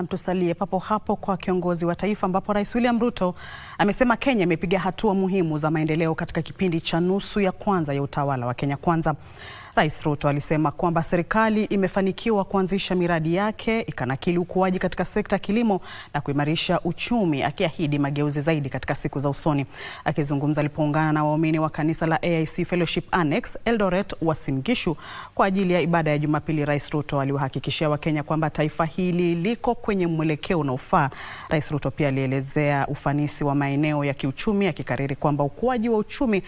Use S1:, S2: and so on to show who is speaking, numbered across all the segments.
S1: Na mtusalie papo hapo kwa kiongozi wa taifa ambapo Rais William Ruto amesema Kenya imepiga hatua muhimu za maendeleo katika kipindi cha nusu ya kwanza ya utawala wa Kenya Kwanza. Rais Ruto alisema kwamba serikali imefanikiwa kuanzisha miradi yake ikanakili ukuaji katika sekta ya kilimo na kuimarisha uchumi, akiahidi mageuzi zaidi katika siku za usoni. Akizungumza alipoungana na waumini wa kanisa la AIC Fellowship Annex Eldoret Wasingishu kwa ajili ya ibada ya Jumapili, Rais Ruto aliwahakikishia Wakenya kwamba taifa hili liko kwenye mwelekeo unaofaa. Rais Ruto pia alielezea ufanisi wa maeneo ya kiuchumi, akikariri kwamba ukuaji wa uchumi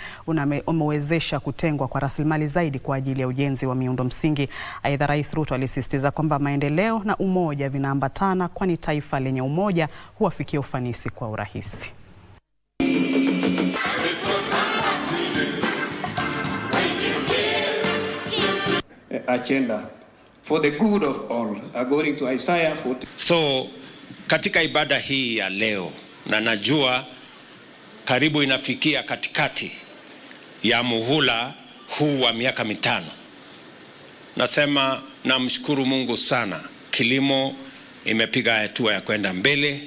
S1: umewezesha kutengwa kwa rasilimali zaidi kwa ajili ya ujenzi wa miundo msingi. Aidha, Rais Ruto alisisitiza kwamba maendeleo na umoja vinaambatana, kwani taifa lenye umoja huwafikia ufanisi kwa urahisi.
S2: Agenda for the good of all, according to Isaiah 40. So katika ibada hii ya leo na najua karibu inafikia katikati ya muhula huu wa miaka mitano. Nasema namshukuru Mungu sana, kilimo imepiga hatua ya kwenda mbele,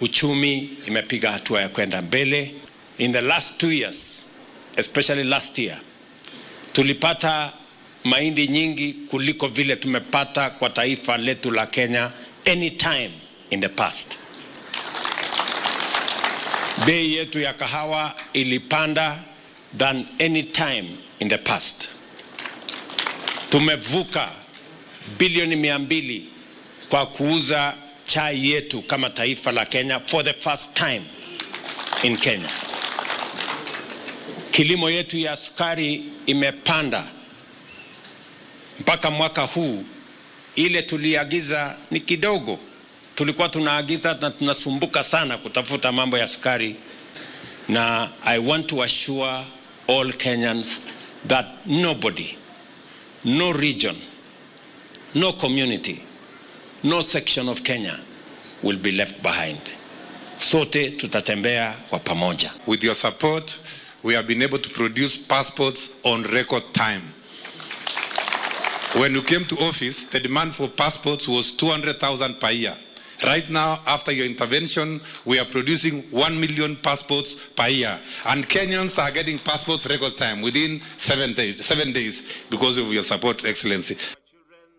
S2: uchumi imepiga hatua ya kwenda mbele. In the last two years, especially last year, tulipata mahindi nyingi kuliko vile tumepata kwa taifa letu la Kenya any time in the past. Bei yetu ya kahawa ilipanda than any time in the past. Tumevuka bilioni mia mbili kwa kuuza chai yetu kama taifa la Kenya for the first time in Kenya. Kilimo yetu ya sukari imepanda mpaka mwaka huu, ile tuliagiza ni kidogo, tulikuwa tunaagiza na tunasumbuka sana kutafuta mambo ya sukari na I want to assure all Kenyans that nobody, no region, no community, no section of Kenya will be left behind. Sote tutatembea kwa pamoja.
S3: With your support, we have been able to produce passports on record time. When you came to office, the demand for passports was 200,000 per year. Right now, after your intervention, we are producing 1 million passports per year. And Kenyans are getting passports record time within seven days, seven days because of your support, Excellency.